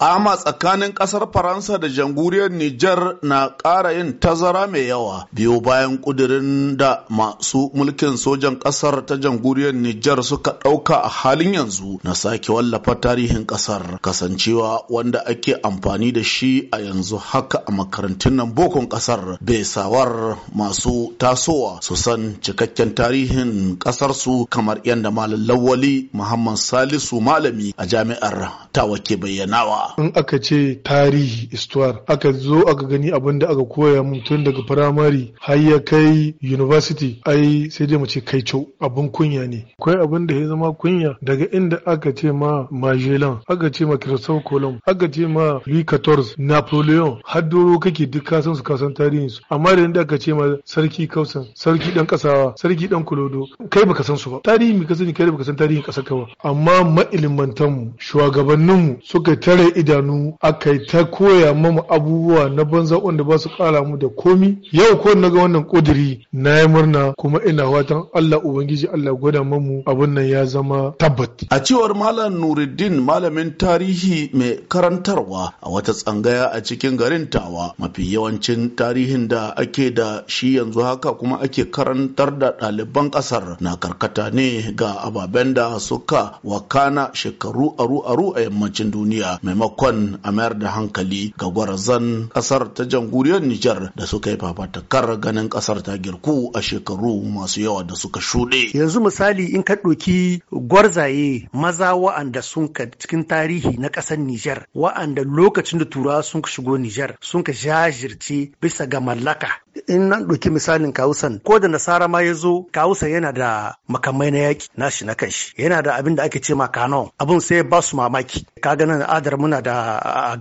ama tsakanin kasar faransa da jamhuriyar Nijar na ƙara yin tazara mai yawa biyu bayan kudirin da masu mulkin sojan ƙasar ta jamhuriyar Nijar suka ɗauka a halin yanzu na sake wallafa tarihin ƙasar kasancewa wanda ake amfani da shi a yanzu haka a makarantun nan bokon ƙasar, bai sawar masu tasowa su san cikakken tarihin ƙasarsu kamar yadda malam lawali muhammad salisu malami a jami'ar tawa ke bayyanawa in aka ce tarihi istuwar aka zo aka gani abin da aka koya mun tun daga firamare har ya kai university ai sai dai mu ce kai co Abun kunya ne akwai abin da ya zama kunya daga inda aka ce ma magellan aka ce ma christophe kolom aka ce ma louis xiv napoleon har doro kake duk kasan su kasan tarihin su amma da inda aka ce ma sarki kausan sarki dan kasawa sarki dan kulodo kai baka san su ba tarihi mai kasani kai baka san tarihin kasa ka amma ma'ilimantan mu shugabannin mu suka tare idanu aka yi ta koya mamu abubuwa na banza wanda ba su kara mu da komi yau ko na ga wannan kudiri na yi murna kuma ina watan Allah ubangiji Allah gwada mamu abun nan ya zama tabbat a cewar malam Nuruddin malamin tarihi mai karantarwa a wata tsangaya a cikin garin Tawa mafi yawancin tarihin da ake da shi yanzu haka kuma ake karantar da ɗaliban ƙasar na karkata ne ga ababen da suka wakana shekaru aru aru a yammacin duniya maimakon maimakon a mayar da hankali ga gwarazan kasar ta jamhuriyar Nijar da suka yi fafatakar ganin kasar ta girku a shekaru masu yawa da suka shuɗe. Yanzu misali in ka ɗauki gwarzaye maza wa'anda sun ka cikin tarihi na ƙasar Nijar wa'anda lokacin da turawa sun shigo Nijar sun ka jajirce bisa ga mallaka in nan ɗauki misalin kawusan ko da nasara ma ya zo kawusan yana da makamai na yaƙi nashi na kanshi yana da abin da ake ce ma kano abin sai ba su mamaki kaga nan adar muna da a a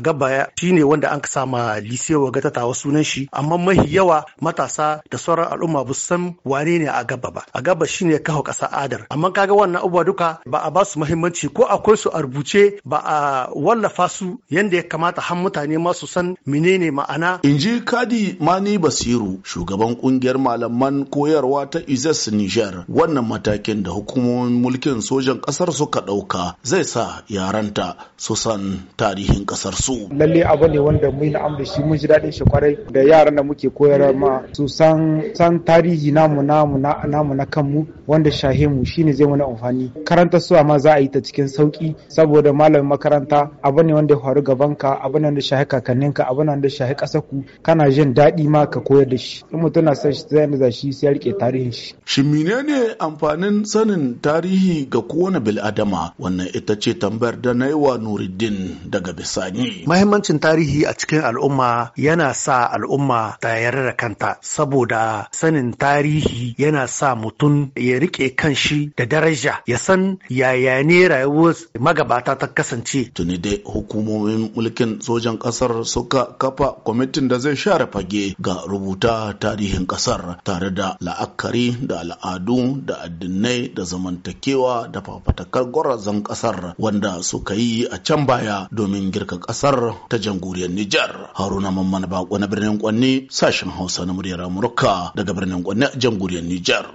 gabba shine wanda an sa ma sama lisewa ga tatawa sunan shi amma mahi yawa matasa da sauran al'umma ba san wane ne a gabba ba a gabba shine kawo ƙasa adar amma kaga wannan abubuwa duka ba a ba su muhimmanci ko akwai su a rubuce ba a wallafa su yanda ya kamata har mutane ma su san menene ma'ana in ji kadi mani Basiru shugaban kungiyar malaman koyarwa ta izes Niger wannan matakin da hukumomin mulkin sojan kasar suka dauka zai sa yaranta su san tarihin kasar su. Lalle abu ne wanda mun yi shi mun ji daɗin shi kwarai da yaran da muke koyar ma su san san tarihi namu namu namu na kanmu wanda shahe mu shine zai mana amfani. Karanta su amma za a yi ta cikin sauki saboda malamin makaranta abu ne wanda ya faru gaban ka abu ne wanda shahe kakanninka abu ne wanda shahe ku kana jin daɗi ma ba ka koyar da shi in mutum na son shi zai shi sai ya rike tarihin shi shi menene amfanin sanin tarihi ga kowane bil'adama wannan ita ce tambayar da na yi wa nuruddin daga bisani mahimmancin tarihi a cikin al'umma yana sa al'umma ta yarda da kanta saboda sanin tarihi yana sa mutum ya rike kanshi da daraja ya san yaya ne rayuwar magabata ta kasance tuni dai hukumomin mulkin sojan kasar suka kafa kwamitin da zai share fage ga rubuta tarihin ƙasar tare da la'akari da al'adu da addinai da zamantakewa da fafatakar gwarazan ƙasar wanda suka yi a can baya domin girka ƙasar ta jamhuriyar Nijar. Haruna Mamman Bako na birnin Kwanne sashen Hausa na muryar Amurka daga birnin Kwanne a jamhuriyar Nijar.